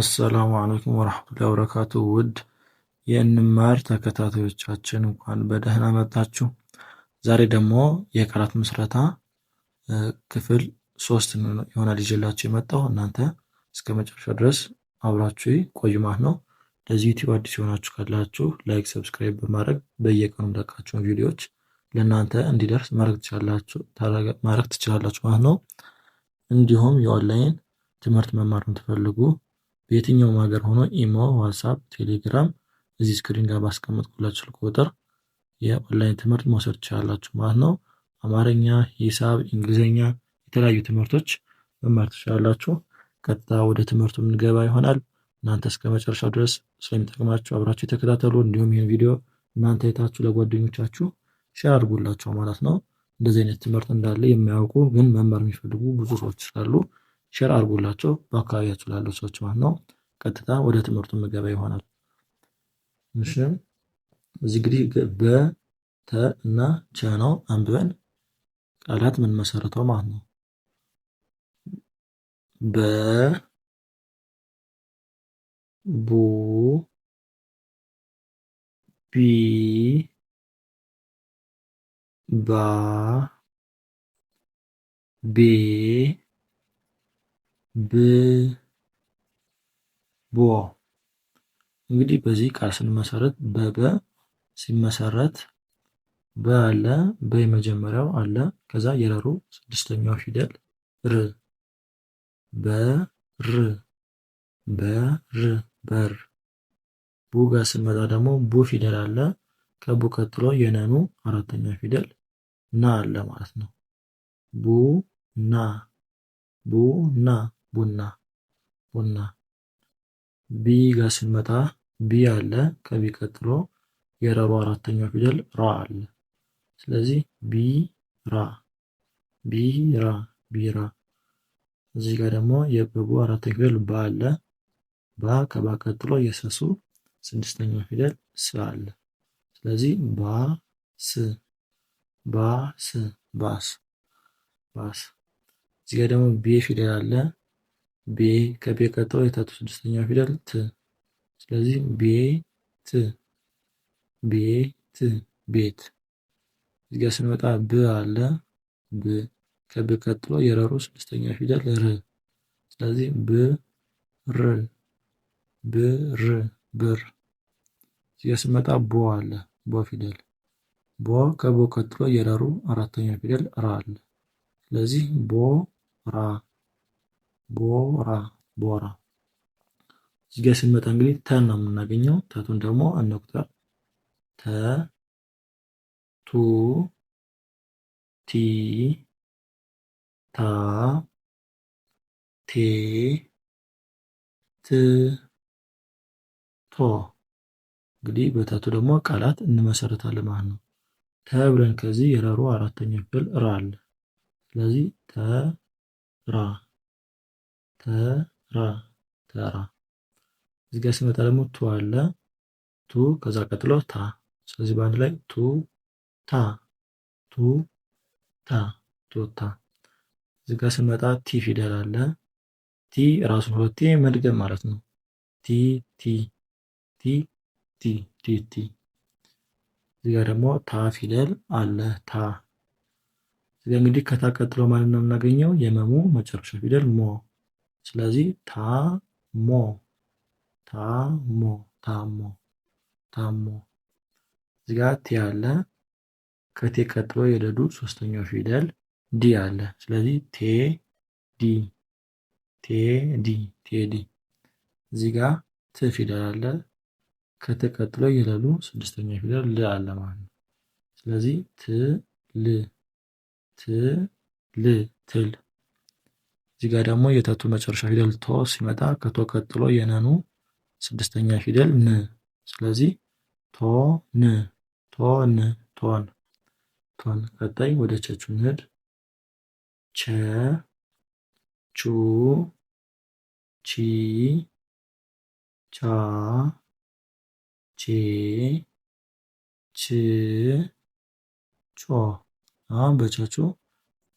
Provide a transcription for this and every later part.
አሰላሙ አለይኩም ወራህመቱላሂ ወበረካቱ ውድ የእንማር ተከታታዮቻችን እንኳን በደህና መጣችሁ። ዛሬ ደግሞ የቃላት ምስረታ ክፍል ሶስት ይሆናል ይዤላችሁ የመጣው እናንተ እስከ መጨረሻ ድረስ አብራችሁ ቆዩ ማለት ነው። ለዚህ ዩቲዩብ አዲስ የሆናችሁ ካላችሁ ላይክ፣ ሰብስክራይብ በማድረግ በየቀኑ ለቃችሁን ቪዲዮዎች ለእናንተ እንዲደርስ ማድረግ ትችላላችሁ ማለት ነው። እንዲሁም የኦንላይን ትምህርት መማር የምትፈልጉ በየትኛውም ሀገር ሆኖ ኢሞ፣ ዋትስአፕ፣ ቴሌግራም እዚህ ስክሪን ጋር ባስቀመጥኩላችሁ ስልክ ቁጥር የኦንላይን ትምህርት መውሰድ ትችላላችሁ ማለት ነው። አማርኛ፣ ሂሳብ፣ እንግሊዝኛ የተለያዩ ትምህርቶች መማር ትችላላችሁ። ቀጥታ ወደ ትምህርቱ የምንገባ ይሆናል። እናንተ እስከ መጨረሻው ድረስ ስለሚጠቅማችሁ አብራችሁ የተከታተሉ፣ እንዲሁም ይህን ቪዲዮ እናንተ የታችሁ ለጓደኞቻችሁ ሼር አድርጉላቸው ማለት ነው። እንደዚህ አይነት ትምህርት እንዳለ የሚያውቁ ግን መማር የሚፈልጉ ብዙ ሰዎች ስላሉ ሼር አድርጎላቸው በአካባቢያችሁ ላሉ ሰዎች ማለት ነው። ቀጥታ ወደ ትምህርቱ ምገባ ይሆናል። እሺ እዚህ እንግዲህ በ ተ እና ቸ ነው አንብበን ቃላት ምን መሰረተው ማለት ነው። በ ቡ ቢ ባ ቤ ብቦ እንግዲህ በዚህ ቃል ስንመሰረት በበ ሲመሰረት በ አለ በ የመጀመሪያው አለ ከዛ የረሩ ስድስተኛው ፊደል ር በር በር በር ቡ ጋር ስንመጣ ደግሞ ቡ ፊደል አለ ከቡ ቀጥሎ የነኑ አራተኛው ፊደል ና አለ ማለት ነው ቡ ና ቡ ና ቡና ቡና ቢ ጋር ስንመጣ ቢ አለ ከቢ ቀጥሎ የረሩ አራተኛው ፊደል ራ አለ። ስለዚህ ቢራ ቢራ ቢራ። እዚህ ጋር ደግሞ የበቡ አራተኛው ፊደል ባ አለ። ባ ከባ ቀጥሎ የሰሱ ስድስተኛው ፊደል ስ አለ። ስለዚህ ባስ ባስ ባስ ባስ። እዚህ ጋር ደግሞ ቤ ፊደል አለ ቤ ከቤ ቀጥሎ የታቱ ስድስተኛ ፊደል ት። ስለዚህ ቤ ት ቤት። እዚጋ ስንመጣ ብ አለ ብ ከብ ቀጥሎ የረሩ ስድስተኛ ፊደል ር። ስለዚህ ብ ር ብ ብር። እዚጋ ስንመጣ ቦ አለ ቦ ፊደል ቦ ከቦ ቀጥሎ የረሩ አራተኛ ፊደል ራ አለ። ስለዚህ ቦ ራ ቦራ ቦራ። እዚህ ጋር ስንመጣ እንግዲህ ተን ነው የምናገኘው። ተቱን ደግሞ እንቁጠር። ተ ቱ ቲ ታ ቴ ት ቶ እንግዲህ በታቱ ደግሞ ቃላት እንመሰረታለን ማለት ነው። ተ ብለን ከዚህ የረሩ አራተኛ ክፍል ራ አለ። ስለዚህ ተ ራ ተራ ተራ እዚህ ጋር ሲመጣ ደግሞ ቱ አለ ቱ ከዛ ቀጥሎ ታ ስለዚህ በአንድ ላይ ቱ ታ ቱ ታ ቱታ እዚህ ጋር ሲመጣ ቲ ፊደል አለ ቲ ራሱ ሁለቴ መድገም ማለት ነው ቲ ቲ ቲ ቲ ቲ ቲ እዚህ ጋር ደግሞ ታ ፊደል አለ ታ እዚህ ጋር እንግዲህ ከታ ቀጥሎ ማለት ነው የምናገኘው የመሙ መጨረሻ ፊደል ሞ ስለዚህ ታሞ ታሞ ታሞ ታሞ እዚህ ጋር ቲ አለ። ከቴ ቀጥሎ የደዱ ሶስተኛው ፊደል ዲ አለ። ስለዚህ ቴ ዲ ቴ ዲ ቴ ዲ እዚህ ጋር ት ፊደል አለ። ከቴ ቀጥሎ የለሉ ስድስተኛ ፊደል ል አለ ማለት ነው። ስለዚህ ት ል ት ል ትል እዚህ ጋር ደግሞ የተቱ መጨረሻ ፊደል ቶ ሲመጣ ከቶ ቀጥሎ የነኑ ስድስተኛ ፊደል ን። ስለዚህ ቶ ን ቶ ን ቶን ቶን። ቀጣይ ወደ ቸቹ ንድ ቸ ቹ ቺ ቻ ቼ ች ቾ። አሁን በቸቹ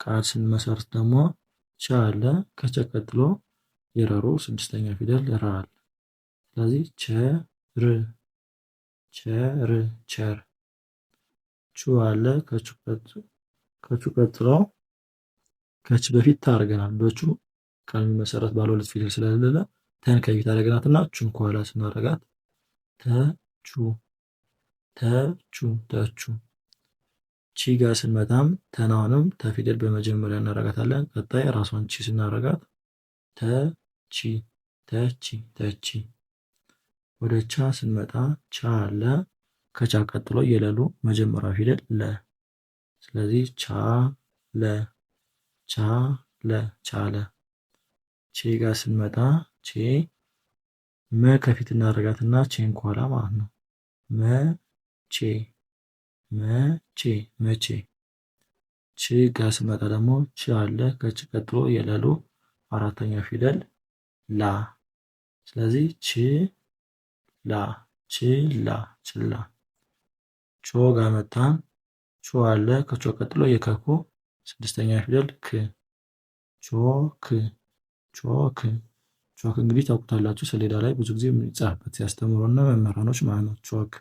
ቃል ስንመሰርት ደግሞ ቻ አለ። ከቸ ቀጥሎ የረሩ ስድስተኛ ፊደል ራል ስለዚህ ቸር ቸር ቸር። ቹ አለ። ከቹ ቀጥሎ ከች በፊት ታደርገናል። በቹ ቃል የሚመሰረት ባለ ሁለት ፊደል ስለሌለ ተን ከፊት አደረግናት እና ቹን ከኋላ ስናደርጋት ተቹ ተቹ ተቹ ቺ ጋር ስንመጣም ተናውንም ተፊደል በመጀመሪያ እናረጋታለን። ቀጣይ ራሷን ቺ ስናረጋት ተ ቺ ተቺ ተቺ። ወደ ቻ ስንመጣ ቻ አለ። ከቻ ቀጥሎ የለሉ መጀመሪያ ፊደል ለ። ስለዚህ ቻ ለ ቻ ለ ቻለ። ቼ ጋር ስንመጣ ቼ መ ከፊት እናረጋትና ቼን ከኋላ ማለት ነው። መ ቼ መቼ መቼ ች ጋር ስመጣ ደግሞ ች አለ። ከች ቀጥሎ የለሉ አራተኛ ፊደል ላ። ስለዚህ ች ላ ችላ ችላ። ቾ ጋር መጣን። ቾ አለ። ከቾ ቀጥሎ የከኩ ስድስተኛ ፊደል ክ። ቾክ ቾክ ቾክ እንግዲህ ታውቁታላችሁ። ሰሌዳ ላይ ብዙ ጊዜ የሚጻፍበት ያስተምሩና መምህራኖች ማለት ነው ቾክ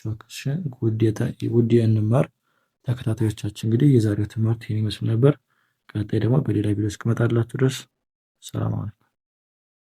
ቻክሽን ውድ የእንማር ተከታታዮቻችን እንግዲህ የዛሬው ትምህርት ይህን ይመስል ነበር። ቀጣይ ደግሞ በሌላ ቪዲዮ እስክመጣላችሁ ድረስ ሰላም አለይኩም።